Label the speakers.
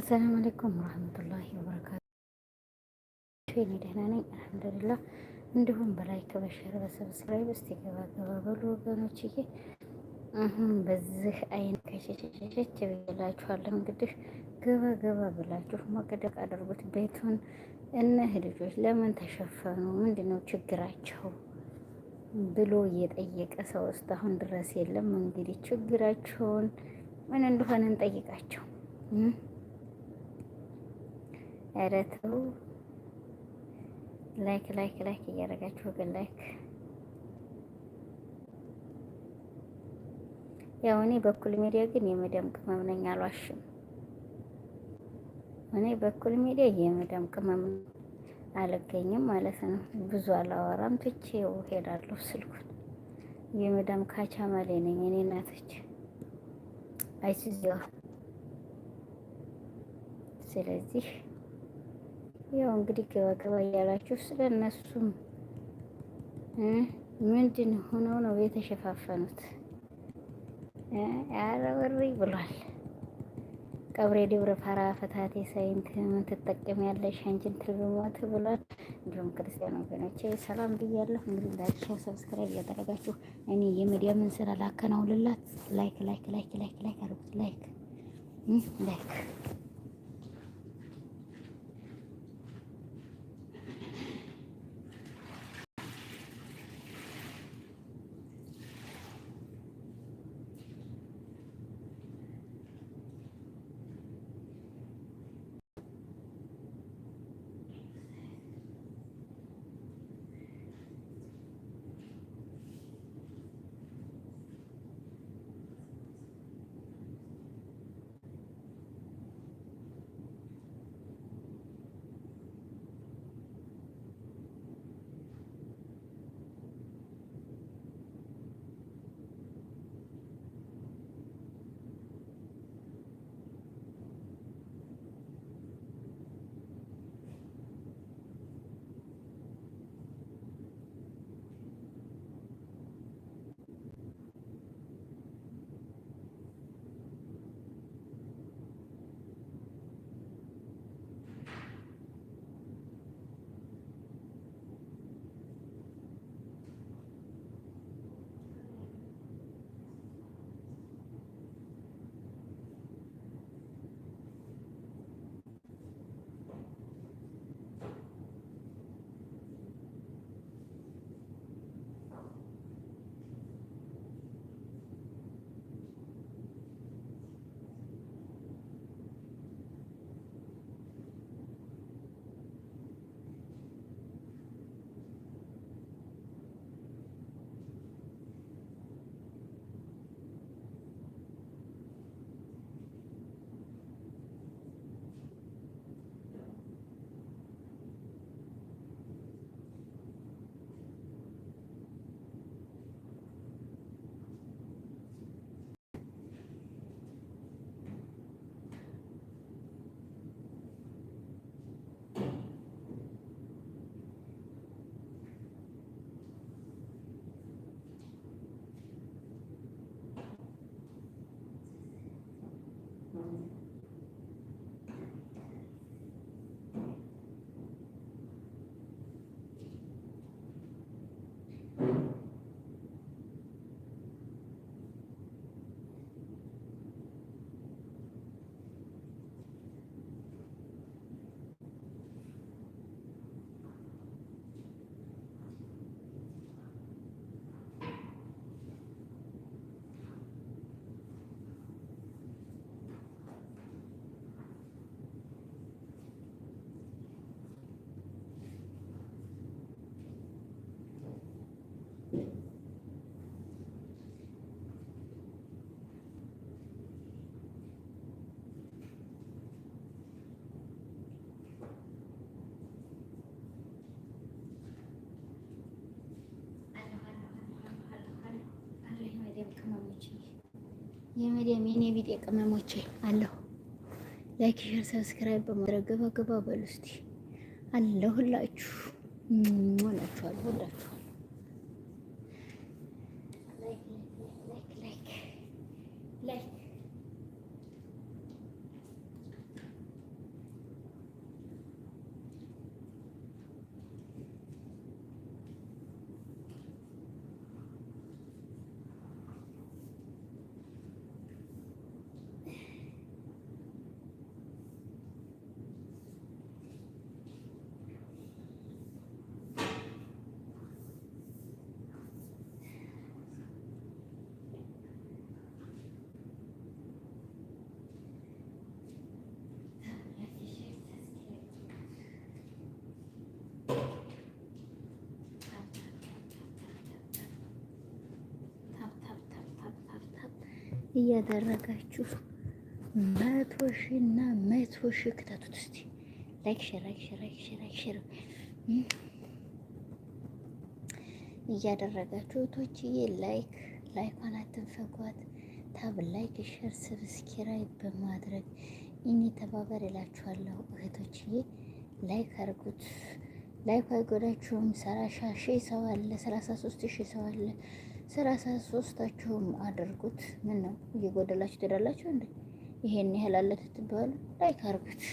Speaker 1: አሰላሙ አለይኩም ወረህመቱላሂ ወበረካቱ። እኔ ደህና ነኝ አልሐምዱሊላህ። እንዲሁም በላይክ በሸር በሰብስክራይብ እስቲ ገባ ገባ በሉ ወገኖችዬ። አሁን በዚህ አይነት ከሸሸሸሸች ብላችኋለሁ። እንግዲህ ገባ ገባ ብላችሁ ሞቅ ደቅ አድርጉት ቤቱን። እነህ ልጆች ለምን ተሸፈኑ? ምንድነው ችግራቸው ብሎ እየጠየቀ ሰው እስካሁን ድረስ የለም። እንግዲህ ችግራቸውን ምን እንደሆነ እንጠይቃቸው። ኧረ ተው። ላይክ ላይክ ላይክ እያደረጋችሁ ግን ላይክ ያው እኔ በኩል ሚዲያ ግን የመደም ቅመም ነኝ፣ አልዋሽም። እኔ በኩል ሚዲያ የመደም ቅመም አልገኝም ማለት ነው። ብዙ አላወራም፣ ትቼው ሄዳለሁ ስልኩን። ካቻ ካቻማሌ ነኝ እኔ እናቶች አይስዚዋ ስለዚህ ያው እንግዲህ ገባ ገባ እያላችሁ ስለ እነሱም ምንድን ሆነው ነው የተሸፋፈኑት? አረወሪ ብሏል። ቀብሬ ደብረ ፋራ ፈታቴ ሳይንት ምን ትጠቀሚያለሽ አንቺን ትልብሞት ብሏል። እንዲሁም ክርስቲያን ወገኖቼ ሰላም ብያለሁ። እንግዲህ ላይክ፣ ሼር፣ ሰብስክራይብ እያደረጋችሁ እኔ የሚዲያ ምን ስራ ላከናውልላት። ላይክ ላይክ ላይክ ላይክ ላይክ አድርጉት። ላይክ ላይክ Amen. የመዲያም የኔ ቢጤ ቅመሞቼ አለሁ። ላይክ፣ ሼር፣ ሰብስክራይብ በማድረግ ገባ ገባ በሉ እስቲ አለሁላችሁ። ሆናችኋል ሁላችሁ እያደረጋችሁ መቶ ሺህ እና መቶ ሺህ ክተቱት እስቲ። ላይክ ሼር ላይክ ሼር ላይክ ሼር ላይክ ሼር እያደረጋችሁ ቶችዬ ላይክ ላይኳን አትንፈጓት። ታብ ላይክ ሼር ሰብስክራይብ በማድረግ እኔ ተባበር እላችኋለሁ እህቶችዬ። ላይክ አድርጉት። ላይክ አይጎዳችሁም። ሰላሳ ሺህ ሰው አለ፣ ሰላሳ ሶስት ሺህ ሰው አለ። ሰላሳ ሶስታችሁም አድርጉት። ምን ነው እየጎደላችሁ ትሄዳላችሁ እንዴ? ይሄን ያህል አለ ትትባሉ ላይክ አርጉት።